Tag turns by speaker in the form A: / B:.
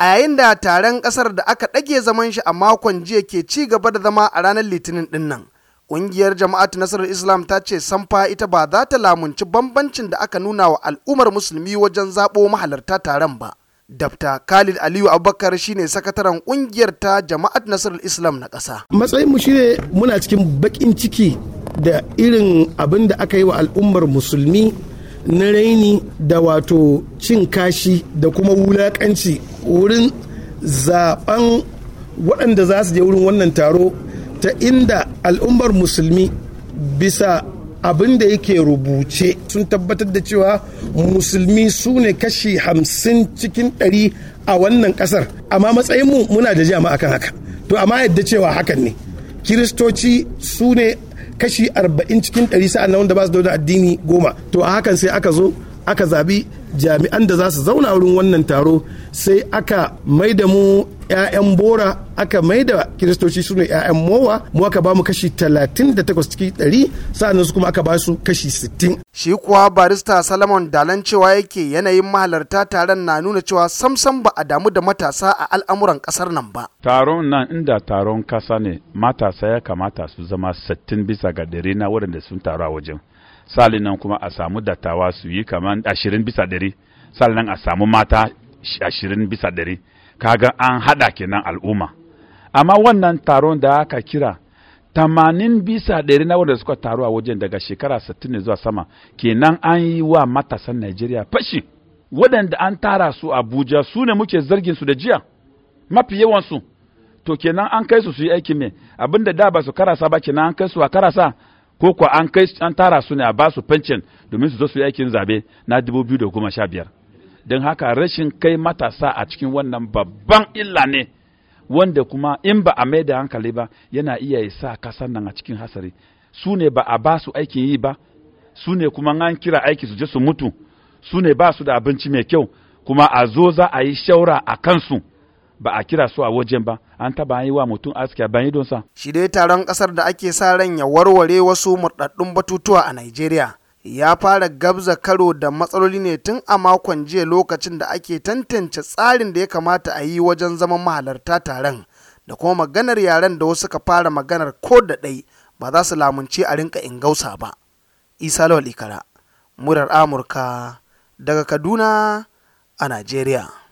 A: a yayin da taron kasar da aka ɗage zaman shi a makon jiya ke ci gaba da zama a ranar litinin dinnan, ƙungiyar jama'atu nasarar islam ta ce samfa ita ba za ta lamunci bambancin da aka nuna wa al'ummar musulmi wajen zaɓo mahalarta taron ba Dabta Khalid Aliyu Abubakar shine sakataren kungiyar ta Jama'at Nasarar Islam na ƙasa.
B: Matsayin mu shine muna cikin baƙin ciki da irin abin da aka yi wa al'ummar musulmi na raini da wato cin kashi da kuma wulakanci wurin zaben waɗanda za su je wurin wannan taro ta inda al'ummar musulmi bisa abin da yake rubuce sun tabbatar da cewa musulmi su ne kashi hamsin cikin ɗari a wannan ƙasar amma matsayinmu muna da jama'a kan haka to amma yadda cewa hakan ne kiristoci su ne kashi arba'in cikin ɗari sa'an na wanda ba su da addini goma to a hakan sai aka zo aka zabi jami'an da za su zauna wurin wannan taro sai aka mai da mu 'ya'yan bora aka mai da kiristoci su ne 'ya'yan mowa mu aka ba mu kashi 38 cikin 100 sa'an su kuma aka ba su kashi 60 shi kuwa
A: barista salomon dalan cewa yake yanayin mahalarta taron na nuna cewa samsam ba a damu da matasa a al'amuran kasar nan ba
C: taron nan inda taron kasa ne matasa ya kamata su zama 60 bisa ga dare na waɗanda sun taru a wajen salinan kuma a samu dattawa su yi kamar 20 bisa ɗari sannan a samu mata ashirin bisa ka kaga an hada kenan al'umma amma wannan taron da aka kira tamanin bisa dari na wanda suka taru a wajen daga shekara sittin ne zuwa sama kenan an yi wa matasan najeriya fashi waɗanda an tara su abuja su ne muke zargin su da jiya mafi yawansu to kenan an kai su su yi aikin mai abinda da ba su karasa ba kenan an kai su a karasa ko kuwa an kai an tara su ne a basu pension domin su zo su yi aikin zabe na dubu biyu da goma sha biyar don haka rashin kai matasa a cikin wannan babban illa ne wanda kuma in ba a mai da hankali ba yana iya yi sa kasan nan a cikin hasari su ne ba a ba su aikin yi ba su ne kuma an kira aiki su je su mutu su ne ba su da abinci mai kyau kuma a zo za a yi shaura a kansu ba a kira su a wajen ba an taba yi wa mutum aski a bayan idonsa. shi
A: dai taron kasar da ake sa ran ya warware wasu murɗaɗɗun batutuwa a nigeria ya fara gabza karo da matsaloli ne tun a makon jiya lokacin da ake tantance tsarin da ya kamata a yi wajen zaman mahalarta taron da kuma maganar yaren da wasu ka fara maganar ko da ɗai ba za su lamunce a rinka ingausa ba isa lawal ikara murar amurka daga kaduna a nigeria.